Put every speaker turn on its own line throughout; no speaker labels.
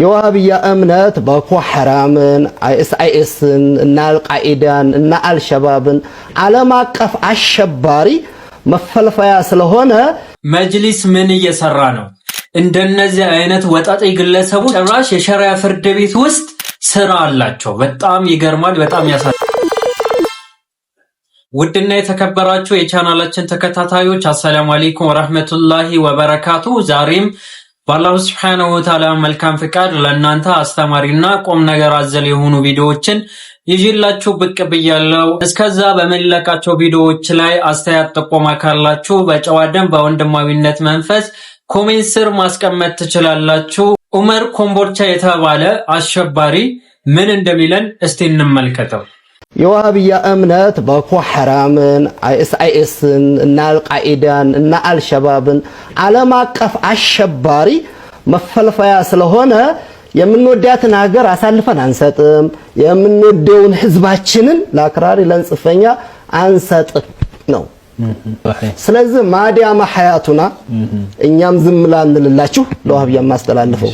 የዋሃብያ እምነት ቦኮ ሐራምን አይኤስአይኤስን እና አልቃኢዳን እና አልሸባብን ዓለም አቀፍ አሸባሪ መፈልፈያ ስለሆነ
መጅሊስ ምን እየሰራ ነው? እንደነዚህ አይነት ወጣጤ ግለሰቦች ጭራሽ የሸሪያ ፍርድ ቤት ውስጥ ስራ አላቸው። በጣም ይገርማል። በጣም ያሳ ውድና የተከበራችሁ የቻናላችን ተከታታዮች አሰላሙ አሌይኩም ወረህመቱላሂ ወበረካቱ ዛሬም በአላሁ ስብሓነሁ ወተዓላ መልካም ፍቃድ ለእናንተ አስተማሪና ቁም ነገር አዘል የሆኑ ቪዲዮዎችን ይዤላችሁ ብቅ ብያለሁ። እስከዛ በምንለቃቸው ቪዲዮዎች ላይ አስተያየት፣ ጥቆማ ካላችሁ በጨዋ ደንብ በወንድማዊነት መንፈስ ኮሜንት ስር ማስቀመጥ ትችላላችሁ። ኡመር ኮምቦርቻ የተባለ አሸባሪ ምን እንደሚለን እስቲ እንመልከተው።
የዋብያ እምነት ቦኮ ሐራምን አይኤስአይኤስን እና አልቃኢዳን እና አልሸባብን ዓለም አቀፍ አሸባሪ መፈልፈያ ስለሆነ የምንወዳትን ሀገር አሳልፈን አንሰጥም። የምንወደውን ህዝባችንን ለአክራሪ ለንጽፈኛ አንሰጥም ነው። ስለዚህ ማዲያማ ሐያቱና እኛም ዝም ላንልላችሁ ለዋህብያ ማስተላልፈው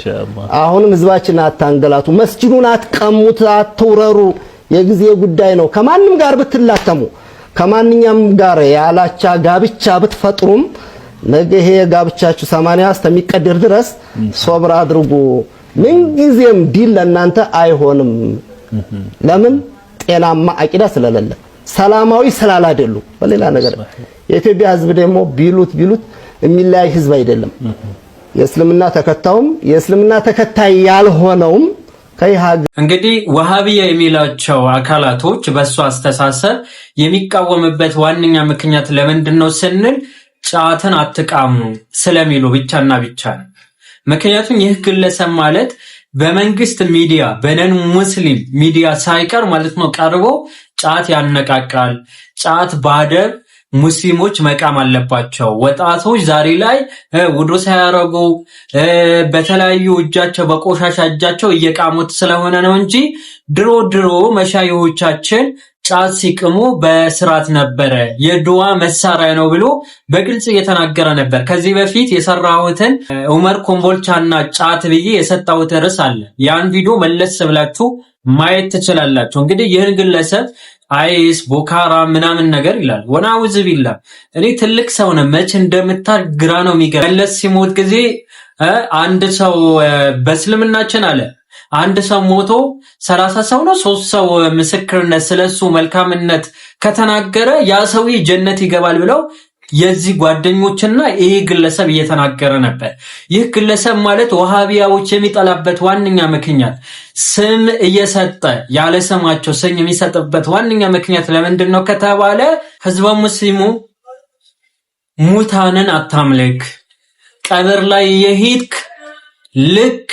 አሁንም ህዝባችንን አታንገላቱ፣ መስጂዱን አትቀሙት፣ አትውረሩ የጊዜ ጉዳይ ነው። ከማንም ጋር ብትላተሙ፣ ከማንኛም ጋር ያላቻ ጋብቻ ብትፈጥሩም ነገ ይሄ ጋብቻችሁ 80 እስከሚቀድር ድረስ ሶብር አድርጉ። ምንጊዜም ዲል ለእናንተ አይሆንም። ለምን? ጤናማ አቂዳ ስለሌለ ሰላማዊ ስላላደሉ። በሌላ ነገር የኢትዮጵያ ሕዝብ ደግሞ ቢሉት ቢሉት የሚለያይ ሕዝብ አይደለም። የእስልምና ተከታውም የእስልምና ተከታይ ያልሆነውም
እንግዲህ ወሃቢያ የሚላቸው አካላቶች በእሱ አስተሳሰብ የሚቃወምበት ዋነኛ ምክንያት ለምንድን ነው ስንል ጫትን አትቃሙ ስለሚሉ ብቻና ብቻ ነው። ምክንያቱም ይህ ግለሰብ ማለት በመንግስት ሚዲያ በነን ሙስሊም ሚዲያ ሳይቀር ማለት ነው ቀርቦ ጫት ያነቃቃል፣ ጫት ባደብ ሙስሊሞች መቃም አለባቸው። ወጣቶች ዛሬ ላይ ውዱ ሳያረጉ በተለያዩ እጃቸው በቆሻሻ እጃቸው እየቃሙት ስለሆነ ነው እንጂ ድሮ ድሮ መሻይዎቻችን ጫት ሲቅሙ በስርዓት ነበረ። የድዋ መሳሪያ ነው ብሎ በግልጽ እየተናገረ ነበር። ከዚህ በፊት የሰራሁትን ኡመር ኮምቦልቻና ጫት ብዬ የሰጣሁት ርዕስ አለ። ያን ቪዲዮ መለስ ብላችሁ ማየት ትችላላችሁ። እንግዲህ ይህን ግለሰብ አይስ ቦካራ ምናምን ነገር ይላል። ወናውዝ ቢላ እኔ ትልቅ ሰው ነ መቼ እንደምታ ግራ ነው የሚገ መለስ ሲሞት ጊዜ አንድ ሰው በእስልምናችን አለ አንድ ሰው ሞቶ ሰላሳ ሰው ነው ሶስት ሰው ምስክርነት ስለሱ መልካምነት ከተናገረ ያ ሰውዬ ጀነት ይገባል ብለው የዚህ ጓደኞችና ይህ ግለሰብ እየተናገረ ነበር። ይህ ግለሰብ ማለት ወሃቢያዎች የሚጠላበት ዋነኛ ምክንያት ስም እየሰጠ ያለ ስማቸው ስም የሚሰጥበት ዋነኛ ምክንያት ለምንድን ነው ከተባለ ህዝበ ሙስሊሙ ሙታንን አታምልክ፣ ቀብር ላይ የሄድክ ልክ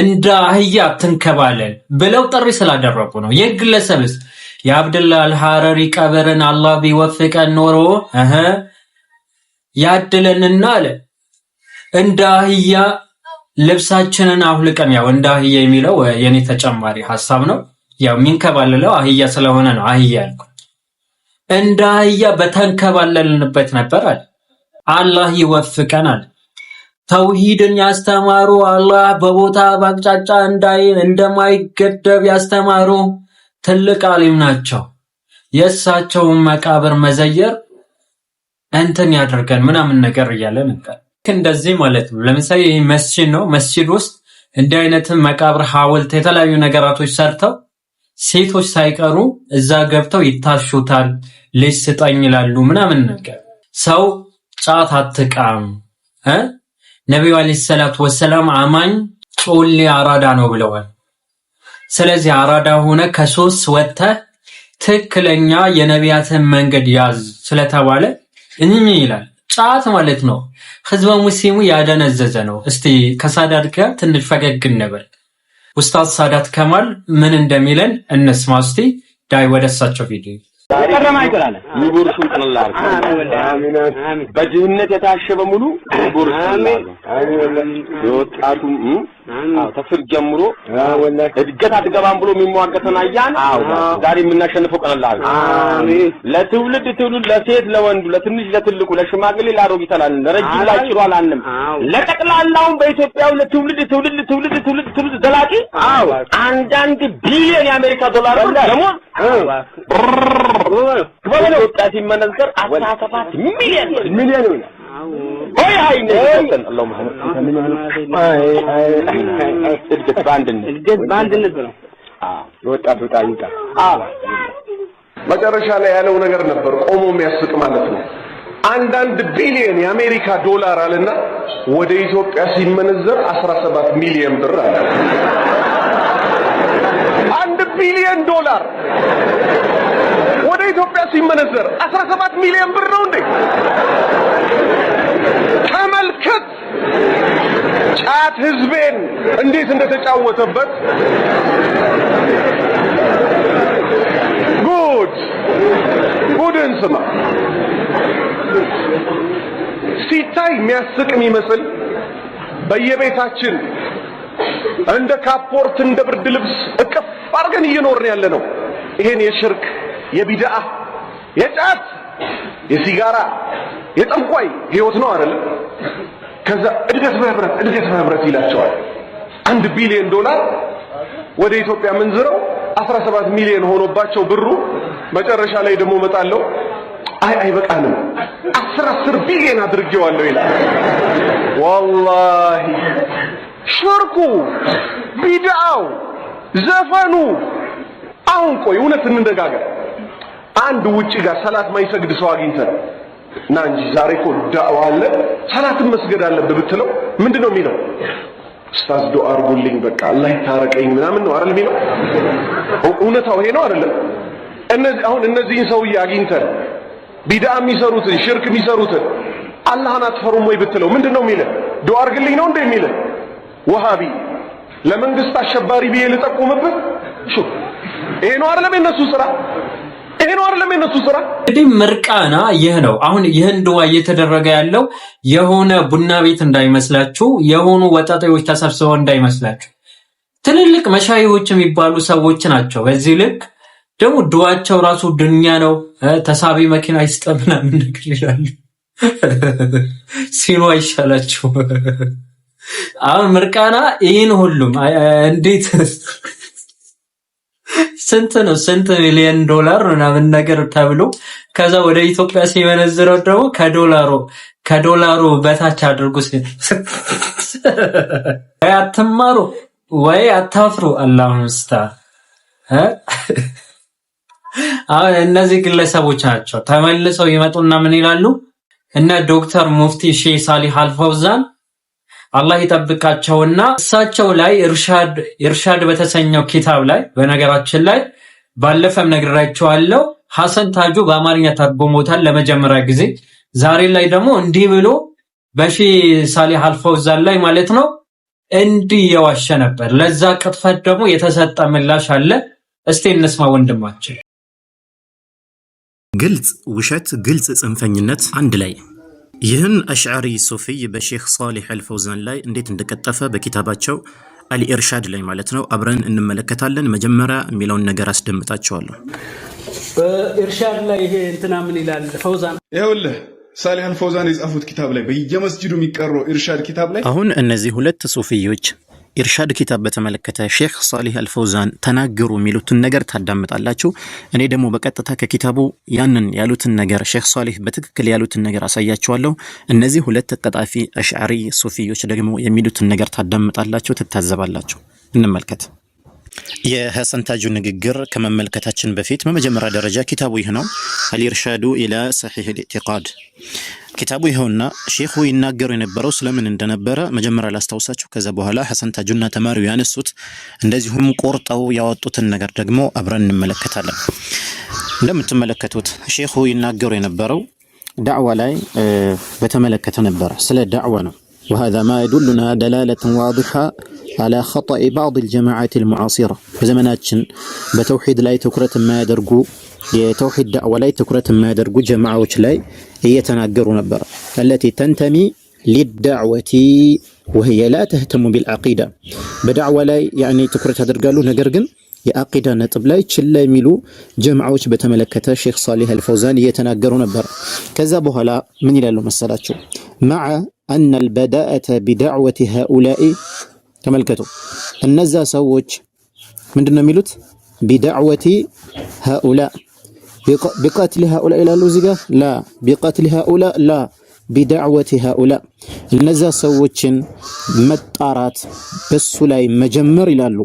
እንደ አህያ አትንከባለል ብለው ጥሪ ስላደረጉ ነው። ይህ ግለሰብስ የአብድላ አልሐረሪ ቀብርን አላህ ቢወፍቀን ኖሮ ያድለንና አለ እንደ አህያ ልብሳችንን አውልቀን ያው እንደ አህያ የሚለው የኔ ተጨማሪ ሀሳብ ነው። ያው የሚንከባለለው አህያ ስለሆነ ነው አህያ ያልኩ። እንደ አህያ በተንከባለልንበት ነበር አለ። አላህ ይወፍቀን አለ። ተውሂድን ያስተማሩ አላህ በቦታ በአቅጫጫ እንዳይ እንደማይገደብ ያስተማሩ ትልቅ አሊም ናቸው። የእሳቸውን መቃብር መዘየር እንትን ያደርገን ምናምን ነገር እያለ ነበር። እንደዚህ ማለት ነው። ለምሳሌ ይህ መስጂድ ነው። መስጂድ ውስጥ እንዲህ አይነት መቃብር፣ ሐውልት፣ የተለያዩ ነገራቶች ሰርተው ሴቶች ሳይቀሩ እዛ ገብተው ይታሹታል። ልጅ ስጠኝ ይላሉ ምናምን ነገር። ሰው ጫት አትቃም ነቢዩ አለይሂ ሰላቱ ወሰላም አማኝ ጮሌ አራዳ ነው ብለዋል። ስለዚህ አራዳ ሆነ ከሶስት ወጥተህ ትክክለኛ የነቢያትን መንገድ ያዝ ስለተባለ እኝኝ ይላል። ጫት ማለት ነው። ህዝበ ሙስሊሙ ያደነዘዘ ነው። እስቲ ከሳዳት ጋር ትንሽ ፈገግ እንበል። ኡስታዝ ሳዳት ከማል ምን እንደሚለን እነስማ እስቲ። ዳይ ወደ እሳቸው ቪዲዮ
ይቡርሱን ጥላላር በድህነት የታሸበ ሙሉ ይቡርሱን ወጣቱ ተፍር ጀምሮ እድገት አትገባም ብሎ የሚሟገተን አያን ዛሬ የምናሸንፈው ቀለላል። ለትውልድ ትውልድ፣ ለሴት ለወንዱ፣ ለትንሽ ለትልቁ፣ ለሽማግሌ ለአሮጊት አላልንም፣ ለረጅም ላጭሩ አላልንም። ለጠቅላላውን በኢትዮጵያው ለትውልድ ትውልድ ትውልድ ትውልድ ትውልድ ዘላቂ አንዳንድ ቢሊዮን የአሜሪካ ዶላር ደግሞ ወጣት ሲመነዘር አስራ ሰባት ሚሊዮን ሚሊዮን ይሆናል። እድገት በአንድነት ነው።
ወጣ ይውጣ።
መጨረሻ ላይ ያለው ነገር ነበር ቆሞ የሚያስቅ ማለት ነው። አንዳንድ ቢሊዮን የአሜሪካ ዶላር አለና ወደ ኢትዮጵያ ሲመነዘር 17 ሚሊዮን ብር አለ። አንድ ቢሊዮን ዶላር ወደ ኢትዮጵያ ሲመነዘር 17 ሚሊዮን ብር ነው እንዴ? ተመልከት ጫት ህዝቤን እንዴት እንደተጫወተበት። ጉድ ጉድን ስማ። ሲታይ የሚያስቅ የሚመስል በየቤታችን እንደ ካፖርት እንደ ብርድ ልብስ እቅፍ አድርገን እየኖርን ያለ ነው። ይሄን የሽርክ የቢድአ የጫት የሲጋራ የጠንቋይ ህይወት ነው አይደል? ከዛ እድገት በህብረት እድገት በህብረት ይላቸዋል። አንድ ቢሊዮን ዶላር ወደ ኢትዮጵያ ምንዝረው 17 ሚሊዮን ሆኖባቸው ብሩ መጨረሻ ላይ ደግሞ መጣለው አይ አይበቃንም፣ አስር አስር ቢሊዮን አድርጌዋለሁ ይላል። ወላሂ ሽርኩ፣ ቢድአው ዘፈኑ። አሁን ቆይ እውነት እንነጋገር። አንድ ውጪ ጋር ሰላት ማይሰግድ ሰው አግኝተን እና እንጂ ዛሬ እኮ ዳዋ አለ ሰላትን መስገድ አለብህ ብትለው ምንድነው የሚለው? ኡስታዝ ዱአ አድርጉልኝ በቃ አላህ ይታረቀኝ ምናምን ነው አይደል የሚለው። እውነታው ይሄ ነው አይደለም? እነዚህ አሁን እነዚህን ሰውዬ አግኝተን ቢድዓ የሚሰሩትን ሽርክ የሚሰሩትን አላህን አትፈሩም ወይ ብትለው ምንድነው የሚለው? ዱአ አድርግልኝ ነው እንደ የሚልህ ወሃቢ ለመንግስት አሸባሪ ብዬ ልጠቁምብህ? ይሄ ነው አይደለም የነሱ ስራ ይሄ ነው አይደለም የነሱ ስራ።
እንግዲህ ምርቃና ይህ ነው። አሁን ይህን ድዋ እየተደረገ ያለው የሆነ ቡና ቤት እንዳይመስላችሁ፣ የሆኑ ወጣቶች ተሰብስበው እንዳይመስላችሁ፣ ትልልቅ መሻይዎች የሚባሉ ሰዎች ናቸው። በዚህ ልክ ደግሞ ድዋቸው ራሱ ድንኛ ነው። ተሳቢ መኪና ይስጠምና ምን ነገር ይላሉ ሲኖ አይሻላችሁ? አሁን ምርቃና ይህን ሁሉም እንዴት ስንት ነው ስንት ሚሊዮን ዶላር ምናምን ነገር ተብሎ ከዛ ወደ ኢትዮጵያ ሲመነዝረው ደግሞ ከዶላሩ ከዶላሩ በታች አድርጉ። ወይ አትማሩ ወይ አታፍሩ። አላሁ ምስታ አሁን እነዚህ ግለሰቦች ናቸው ተመልሰው ይመጡና ምን ይላሉ? እነ ዶክተር ሙፍቲ ሼህ ሳሊህ አልፈውዛን አላህ ይጠብቃቸውና እሳቸው ላይ እርሻድ በተሰኘው ኪታብ ላይ በነገራችን ላይ ባለፈም ነግራቸዋለው ሐሰን ታጁ በአማርኛ ታጎሞታል ለመጀመሪያ ጊዜ። ዛሬ ላይ ደግሞ እንዲህ ብሎ በሺ ሳሊህ አልፈውዛን ላይ ማለት ነው እንዲህ የዋሸ ነበር። ለዛ ቅጥፈት ደግሞ የተሰጠ ምላሽ አለ። እስቲ እንስማ ወንድማችን።
ግልጽ ውሸት፣ ግልጽ ጽንፈኝነት አንድ ላይ ይህን አሽዓሪ ሱፊይ በሼክ ሳሊሕ አልፈውዛን ላይ እንዴት እንደቀጠፈ በኪታባቸው አልኢርሻድ ላይ ማለት ነው አብረን እንመለከታለን። መጀመሪያ የሚለውን ነገር አስደምጣቸዋለሁ።
በኢርሻድ ላይ ይሄ እንትና ምን ይላል ፈውዛን
ይኸውልህ ሳሊሕ አልፈውዛን የጻፉት ኪታብ ላይ በየመስጅዱ የሚቀረው ኢርሻድ ኪታብ ላይ
አሁን እነዚህ ሁለት ሱፊዮች ኢርሻድ ኪታብ በተመለከተ ሼክ ሳሊህ አልፈውዛን ተናገሩ የሚሉትን ነገር ታዳምጣላችሁ። እኔ ደግሞ በቀጥታ ከኪታቡ ያንን ያሉትን ነገር ሼክ ሳሊህ በትክክል ያሉትን ነገር አሳያችኋለሁ። እነዚህ ሁለት ተቀጣፊ አሽዓሪ ሱፊዮች ደግሞ የሚሉትን ነገር ታዳምጣላችሁ፣ ትታዘባላችሁ። እንመልከት። የሐሰን ንግግር ከመመልከታችን በፊት በመጀመሪያ ደረጃ ኪታቡ ይህ ነው፣ አልኢርሻዱ ኢላ ሰሒህ ልኢዕቲቃድ ኪታቡ ይኸውና፣ ሼኹ ይናገሩ የነበረው ስለምን እንደነበረ መጀመሪያ ላስታውሳችሁ፣ ከዛ በኋላ ሐሰን ታጁና ተማሪው ያነሱት እንደዚሁም ቆርጠው ያወጡትን ነገር ደግሞ አብረን እንመለከታለን። እንደምትመለከቱት ሼኹ ይናገሩ የነበረው ዳዕዋ ላይ በተመለከተ ነበረ። ስለ ዳዕዋ ነው። ወሀዛ ማ የዱሉና ደላለተን ዋዲሓ አላ ኸጠኢ ባዕድ አልጀማዓት አልሙዓሲራ በዘመናችን በተውሂድ ላይ ትኩረት የማያደርጉ የተውሂድ ዳዕዋ ላይ ትኩረት የማያደርጉ ጀማዓዎች ላይ እየተናገሩ ነበር። አለቲ ተንተሚ ሊዳዕወቲ ወህየ ላ ተህተሙ ቢልዓቂዳ በዳዕዋ ላይ ያኔ ትኩረት ያደርጋሉ፣ ነገር ግን የአቂዳ ነጥብ ላይ ችላ የሚሉ ጀማዓዎች በተመለከተ ሼክ ሳሊህ አልፈውዛን እየተናገሩ ነበር። ከዛ በኋላ ምን ይላሉ መሰላቸው? መዓ አነ አልበዳአተ ቢዳዕወቲ ሃኡላኢ ተመልከቱ። እነዛ ሰዎች ምንድን ነው የሚሉት? ቢዳዕወቲ ሃኡላ ቢቀትሊ ሃኡላ ይላሉ እዚህ ጋር ላ ቢቀትሊ ሃኡላ ላ ቢዳዕወቲ ሃኡላ እነዛ ሰዎችን መጣራት በሱ ላይ መጀመር ይላሉ።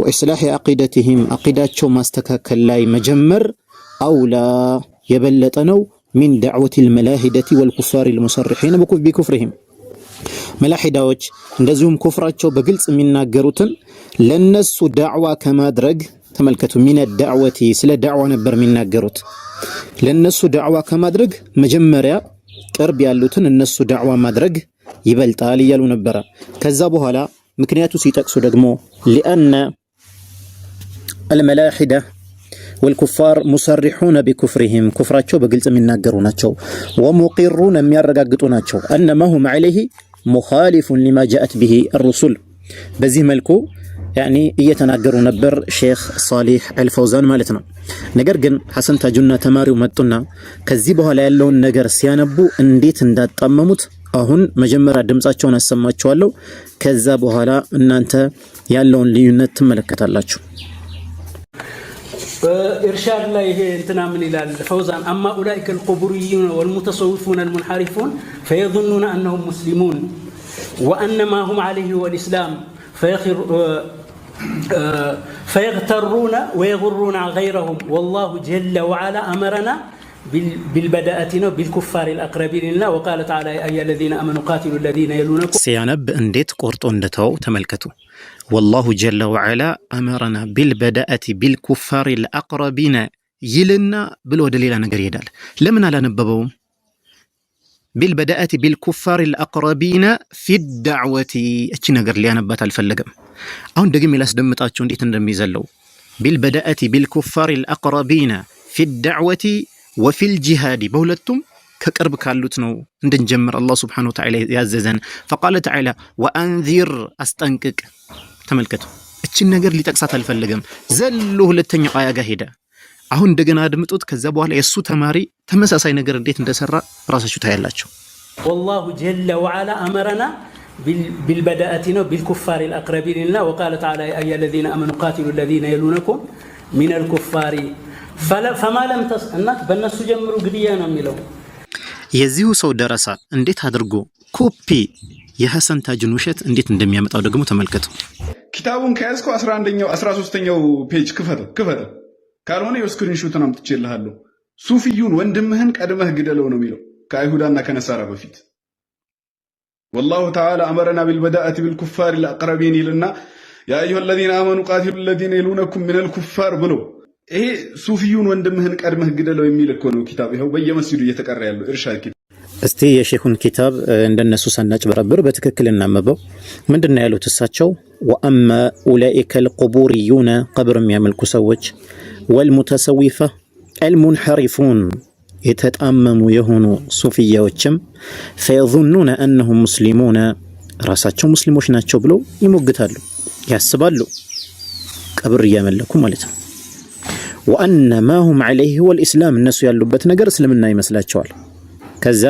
ወኢስላሕ አቂደትህም አቂዳቸው ማስተካከል ላይ መጀመር አውላ የበለጠ ነው። ሚን ዳዕወቲል መላሂደቲ ወልኩፋሪል ሙሰሪሒን ቢኩፍሪሂም መላሂዳዎች እንደዚሁም ኩፍራቸው በግልጽ የሚናገሩትን ለነሱ ዳዕዋ ከማድረግ ተመልከቱ ሚነ ዳዕወቲ ስለ ዳዕዋ ነበር የሚናገሩት። ለእነሱ ዳዕዋ ከማድረግ መጀመሪያ ቅርብ ያሉትን እነሱ ዳዕዋ ማድረግ ይበልጣል እያሉ ነበረ። ከዛ በኋላ ምክንያቱ ሲጠቅሱ ደግሞ ሊአነ አልመላሒዳ ወልኩፋር ሙሰሪሑነ ቢኩፍሪሂም ኩፍራቸው በግልጽ የሚናገሩ ናቸው። ወሙቂሩን የሚያረጋግጡ ናቸው። እነማ ሁም ዐለይሂ ሙኻሊፉን ሊማ ጃአት ቢሂ አሩሱል በዚህ መልኩ ያኒ እየተናገሩ ነበር ሼክ ሳሊህ አልፈውዛን ማለት ነው። ነገር ግን ሐሰን ታጁና ተማሪው መጡና ከዚህ በኋላ ያለውን ነገር ሲያነቡ እንዴት እንዳጣመሙት አሁን መጀመሪያ ድምጻቸውን አሰማችኋለሁ። ከዛ በኋላ እናንተ ያለውን ልዩነት ትመለከታላችሁ።
በኢርሻድ ላይ ይሄ እንትና ምን ይላል ፈውዛን አማ ኡላኢከ አልቁቡሪዩነ ወልሙተሰውፉነ አልሙንሐሪፉን ፈየዙኑነ አነሁም ሙስሊሙን ወአነማ ሁም ዐለይሂ ወልኢስላም ፈየግተሩነ ወየጉሩና ገይረሁም ወላሁ ጀለ ወዓላ አመረና
ሲያነብ እንዴት ቆርጦ እንደተወው ተመልከቱ። ወላሁ ጀለ ወዓላ አመረና ቢልበዳእቲ ቢልኩፋሪ ልአቅረቢነ ይልና ብሎ ወደ ሌላ ነገር ይሄዳል። ለምን አላነበበውም? ቢልበዳእቲ ቢልኩፋሪ ልአቅረቢነ ፊ ዳዕወቲ እቺ ነገር ሊያነባት አልፈለገም። አሁን ደግሜ ላስደምጣችሁ እንዴት እንደሚዘለው ቢልበዳእቲ ቢልኩፋር አልአቅረቢና ፊዳዕወቲ ወፊልጂሃዲ በሁለቱም ከቅርብ ካሉት ነው እንድንጀምር አላህ ስብሓነሁ ወተዓላ ያዘዘን። ፈቃለ ተዓላ ወአንዚር አስጠንቅቅ። ተመልከቱ፣ እችን ነገር ሊጠቅሳት አልፈለገም። ዘሎ ሁለተኛው አያ ጋር ሄደ። አሁን እንደገና አድምጡት። ከዛ በኋላ የእሱ ተማሪ ተመሳሳይ ነገር እንዴት እንደሰራ ራሳችሁ ታያላችሁ።
ወላሁ ጀለ ወዓላ አመረና ቢልበዳእቲ ነው ቢልኩፋሪ ልአቅረቢን ልና ወቃለ ተዓላ አያ ለዚነ አመኑ ቃትሉ ለዚነ የሉነኩም ሚነል ኩፋሪ ፈማ ለም ተስ በእነሱ ጀምሩ ግድያ ነው የሚለው
የዚሁ ሰው ደረሳ እንዴት አድርጎ ኮፒ የሐሰን ታጅን ውሸት እንዴት እንደሚያመጣው ደግሞ ተመልከቱ።
ኪታቡን ከያዝከው 11ኛው 13ኛው ፔጅ ክፈተው ክፈተው። ካልሆነ የስክሪንሾትን አምጥቼልሃለሁ። ሱፊዩን ወንድምህን ቀድመህ ግደለው ነው የሚለው ከአይሁዳና ከነሳራ በፊት ወላሁ ተዓላ አመረና ቢልበዳእቲ ቢልኩፋር ልአቅረቢን ይልና የአዩሃ ለዚነ አመኑ ቃቲሉ ለዚነ የሉነኩም ሚነል ኩፋር ብሎ ይሄ ሱፊዩን ወንድምህን ቀድመህ ግደለው የሚል እኮ ነው ኪታብ። ይኸው በየመስጂዱ እየተቀራ ያለው ኢርሻድ
እስቲ የሼኹን ኪታብ እንደነሱ ሳናጭ በረብር በትክክል እናመበው። ምንድን ነው ያሉት እሳቸው? ወአመ ኡላኢከ ልቁቡርዩነ ቀብር የሚያመልኩ ሰዎች ወልሙተሰዊፈ አልሙንሐሪፉን የተጣመሙ የሆኑ ሱፍያዎችም ፈየዙኑነ አነሁም ሙስሊሙነ ራሳቸው ሙስሊሞች ናቸው ብለው ይሞግታሉ፣ ያስባሉ። ቀብር እያመለኩ ማለት ነው። ወአነ ማሁም ዐለይህ ወልኢስላም እነሱ ያሉበት ነገር እስልምና ይመስላቸዋል። ከዛ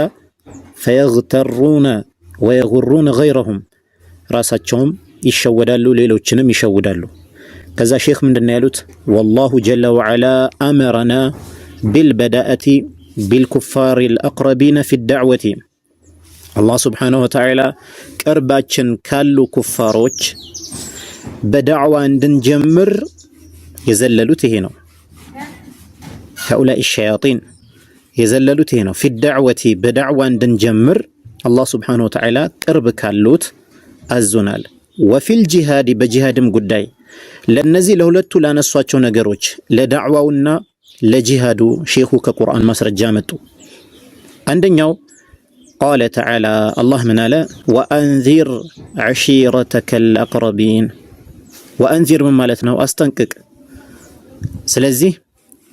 ፈየግተሩነ ወየጉሩነ ገይረሁም ራሳቸውም ይሸወዳሉ፣ ሌሎችንም ይሸውዳሉ። ከዛ ሼክ ምንድን ነው ያሉት? ወላሁ ጀለ ወዐላ አመረና ቢልበዳእቲ ቢልኩፋር አልአቅረቢነ ፊዳዕወቲ አላህ ስብሓነሁ ወተዓላ ቅርባችን ካሉ ኩፋሮች በዳዕዋ እንድንጀምር የዘለሉት ይሄ ነው። ሃኡላኢ ሸያጢን የዘለሉት ይሄ ነው። ፊዳዕወቲ በዳዕዋ እንድንጀምር አላህ ስብሓነሁ ወተዓላ ቅርብ ካሉት አዞናል ወፊል ጂሃዲ በጂሃድም ጉዳይ ለእነዚህ ለሁለቱ ላነሷቸው ነገሮች ለዳዕዋውና لجهاد شيخك قرآن مصر الجامد عند يو قال تعالى الله من لا وأنذر عشيرتك الأقربين وأنذر من مالتنا وأستنقق سلزي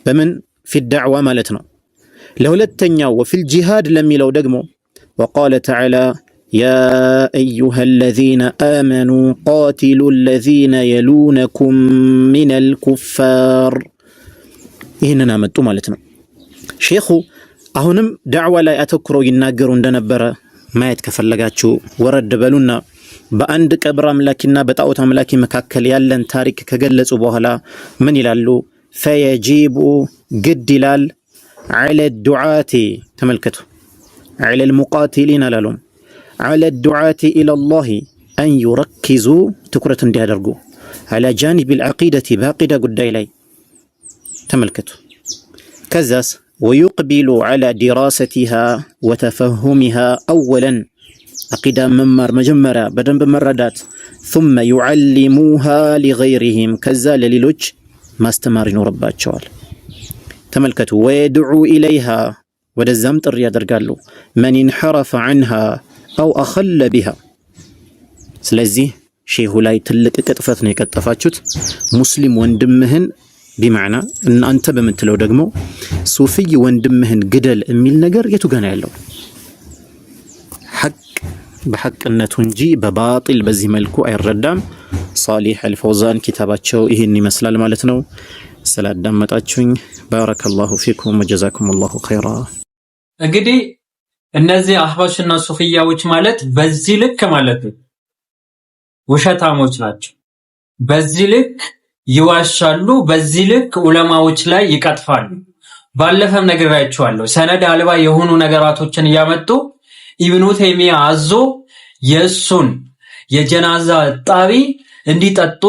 فمن في الدعوة مالتنا لو لولتنيا وفي الجهاد لم يلو دقمو وقال تعالى يا أيها الذين آمنوا قاتلوا الذين يلونكم من الكفار ይህንን አመጡ ማለት ነው። ሼኹ አሁንም ዳዕዋ ላይ አተኩረው ይናገሩ እንደነበረ ማየት ከፈለጋችሁ ወረድ በሉና በአንድ ቀብር አምላኪና በጣዖት አምላኪ መካከል ያለን ታሪክ ከገለጹ በኋላ ምን ይላሉ? ፈየጂቡ ግድ ይላል ዐለ ዱዓቲ ተመልከቱ፣ ዐለ ልሙቃቲሊን አላሉም፣ ዐለ ዱዓቲ ኢለላሂ አን ዩረኪዙ ትኩረት እንዲያደርጉ አላ ጃኒብ ልዓቂደቲ በዓቂዳ ጉዳይ ላይ تملكته كزاس ويقبل على دراستها وتفهمها أولا أقدام ممر مجمرة بدن بمردات ثم يعلموها لغيرهم كزال للج ما استمر ربات شوال تملكت ويدعو إليها ودزمت الرياض قالوا من انحرف عنها أو أخل بها سلازي شيخ لا يتلك كتفتني كتفاتشت مسلم وندمهن ቢመዕና እናንተ በምትለው ደግሞ ሱፍይ ወንድምህን ግደል የሚል ነገር የቱ ገና ያለው ሐቅ በሐቅነቱ እንጂ በባጢል በዚህ መልኩ አይረዳም። ሳሊህ አልፈውዛን ኪታባቸው ይህን ይመስላል ማለት ነው። ስላዳመጣችሁኝ ባረከላሁ ፊኩም ወጀዛኩም ላሁ ኸይራ።
እንግዲህ እነዚህ አህባሽና ሱፍያዎች ማለት በዚህ ልክ ማለት ውሸታሞች ናቸው በዚህ ልክ ይዋሻሉ። በዚህ ልክ ዑለማዎች ላይ ይቀጥፋሉ። ባለፈም ነግሬያችኋለሁ። ሰነድ አልባ የሆኑ ነገራቶችን እያመጡ ኢብኑ ተይሚያ አዞ የእሱን የጀናዛ ጣቢ እንዲጠጡ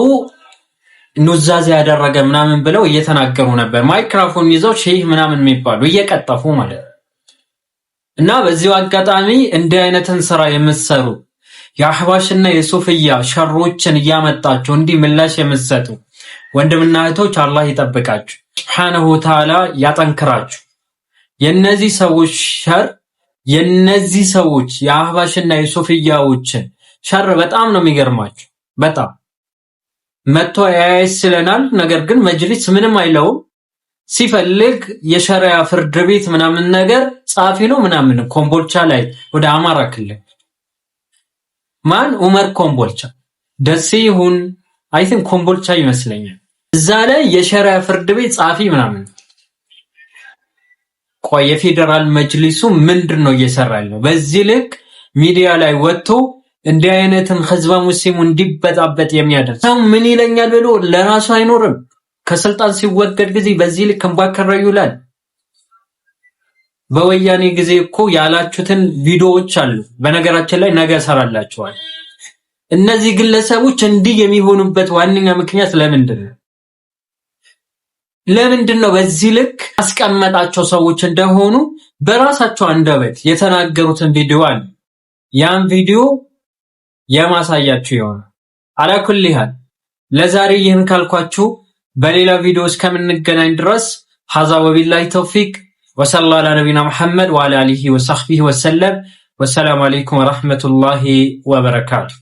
ኑዛዜ ያደረገ ምናምን ብለው እየተናገሩ ነበር። ማይክራፎን ይዘው ሼህ ምናምን የሚባሉ እየቀጠፉ ማለት ነው። እና በዚሁ አጋጣሚ እንዲህ አይነትን ስራ የምትሰሩ የአህባሽና የሱፍያ ሸሮችን እያመጣችሁ እንዲህ ምላሽ የምትሰጡ ወንድምና እህቶች አላህ ይጠብቃችሁ፣ ሱብሓነሁ ወተዓላ ያጠንክራችሁ። የነዚህ ሰዎች ሸር የነዚህ ሰዎች የአህባሽና የሶፍያዎችን ሸር በጣም ነው የሚገርማችሁ። በጣም መጥቶ ያያይስለናል። ነገር ግን መጅሊስ ምንም አይለውም። ሲፈልግ የሸሪያ ፍርድ ቤት ምናምን ነገር ጻፊ ነው ምናምን ኮምቦልቻ ላይ ወደ አማራ ክልል ማን ኡመር ኮምቦልቻ ደሴ ይሁን አይ ቲንክ ኮምቦልቻ ይመስለኛል። እዛ ላይ የሸሪያ ፍርድ ቤት ጸሐፊ ምናምን ቆይ የፌዴራል መጅሊሱ ምንድን ነው እየሰራ ያለው? በዚህ ልክ ሚዲያ ላይ ወጥቶ እንዲህ አይነትን ህዝበ ሙስሊሙ እንዲበጣበጥ የሚያደርግ ሰው ምን ይለኛል ብሎ ለራሱ አይኖርም። ከስልጣን ሲወገድ ጊዜ በዚህ ልክ እንባከረው ይውላል። በወያኔ ጊዜ እኮ ያላችሁትን ቪዲዮዎች አሉ። በነገራችን ላይ ነገ ሰራላችኋል። እነዚህ ግለሰቦች እንዲህ የሚሆኑበት ዋነኛ ምክንያት ለምንድን ነው? ለምንድን ነው በዚህ ልክ ያስቀመጣቸው ሰዎች እንደሆኑ በራሳቸው አንደበት የተናገሩትን ቪዲዮ አለ። ያን ቪዲዮ የማሳያችሁ ይሆናል። አላኩል ለዛሬ ይህን ካልኳችሁ በሌላ ቪዲዮ እስከምንገናኝ ድረስ ሀዛ ወቢላሂ ተውፊቅ ወሰላ አላ ነቢና መሐመድ ወአላ አሊሂ ወሰህቢሂ ወሰለም። ወሰላሙ አለይኩም ወረሕመቱላሂ ወበረካቱ።